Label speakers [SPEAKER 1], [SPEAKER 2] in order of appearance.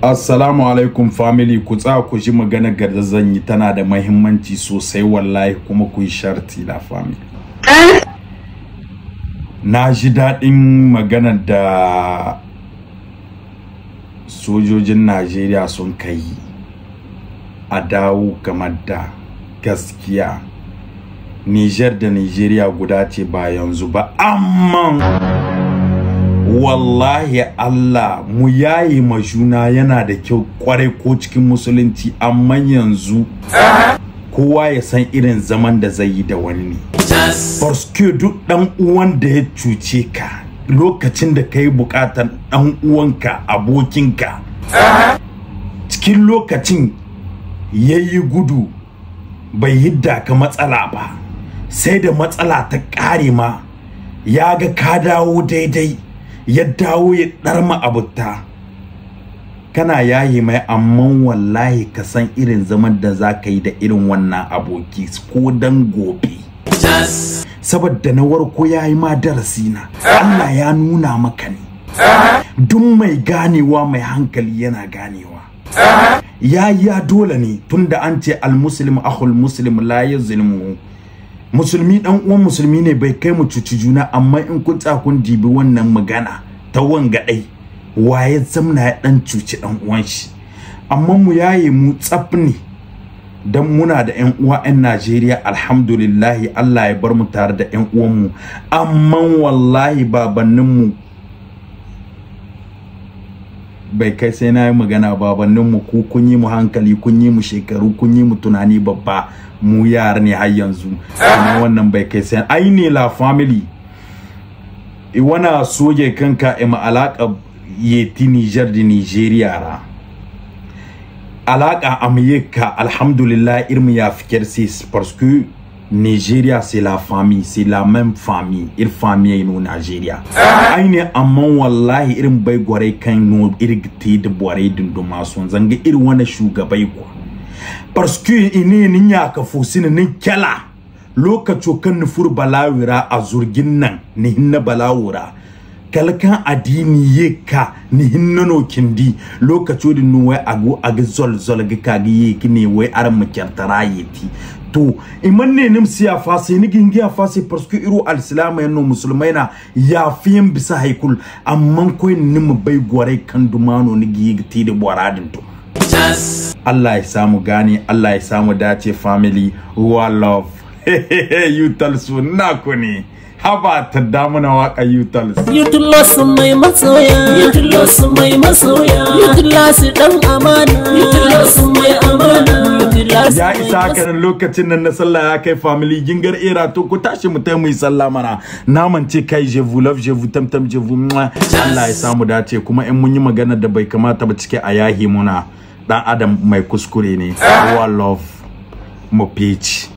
[SPEAKER 1] Assalamu alaikum family ku tsa ku ji magana gardazan yi tana da mahimmanci sosai wallahi kuma ku yi sharti la family. Eh? Na ji daɗin magana da sojojin Najeriya sun kai a dawo kamar da gaskiya. niger da nigeria guda ce ba yanzu ba, amma. wallahi Allah mu yayi ma juna yana da kyau kwarai ko cikin musulunci amma yanzu kowa ya san irin zaman da zai yi da wani ne Barske duk dan uwan da ya cuce ka lokacin da kai bukatar dan uwanka abokinka cikin lokacin yayi gudu bai yidda ka matsala ba sai da matsala ta ƙare ma ya ga ka dawo daidai ya dawo ya ɗar ma'abuta kana yayi mai amma wallahi ka san irin zaman da za ka yi da irin wannan aboki ko dan gobe saboda na warko ya yi ma darasi na Allah ya nuna maka ne duk mai ganewa mai hankali yana ganewa ya ya dole ne tunda an ce al-muslim akhul muslim la yazlimu musulmi dan uwan musulmi ne bai kai mu cuci juna amma in kun kun dibi wannan magana ta wanga dai waye zamna ya dan cuci dan uwan shi amma mu yaye mu tsafni dan muna da yan uwa yan Najeriya alhamdulillah Allah ya bar mu tare da yan uwan mu amma wallahi babannin mu bai kai sai na yi magana mu ku kun yi mu hankali kun yi mu shekaru kun yi mu tunani babba mu yara ne har yanzu amma wannan bai kai sai ai ne la family i wana soje kanka ima alaka yeti Niger da Nigeria ra alaka amyeka alhamdulillah irmi ya fikir sis parce que Nigeria c'est la famille, c'est la même famille, Il famille nous Nigeria. Aïne amma wallahi irin bai gore kan no irgite da bware dunduma sun zanga irin wani shugabai ko. Parce que ini nin ya ka fosin nin kyala lokacin kan nufur balawira a zurgin nan ni hinna balawira. kalkan adini ye ka ni no kindi lokaco din nuwa agu agzol zol zol ga ye kine wai aran makyantara yeti to ne nim siya fasi ni gingiya fasi parce que iru alislama yanno na ya fiyin bisa haikul amma ko nim bai gore kan dumano ni gigti da boradin to Allah ya samu gani Allah ya samu dace family wa love you tell su na ku ne haba ta damuna waka you tell su mai masoya tell su mai masoya tell su dan amana su ya isa ka lokacin nan na sallah ya kai family gingar era to ku tashi mu tai mu yi sallah mana na mance kai je vous love je vous tam tam je vous Allah ya samu dace kuma in mun yi magana da bai kamata ba cike a yahi muna dan adam mai kuskure ne love mu peach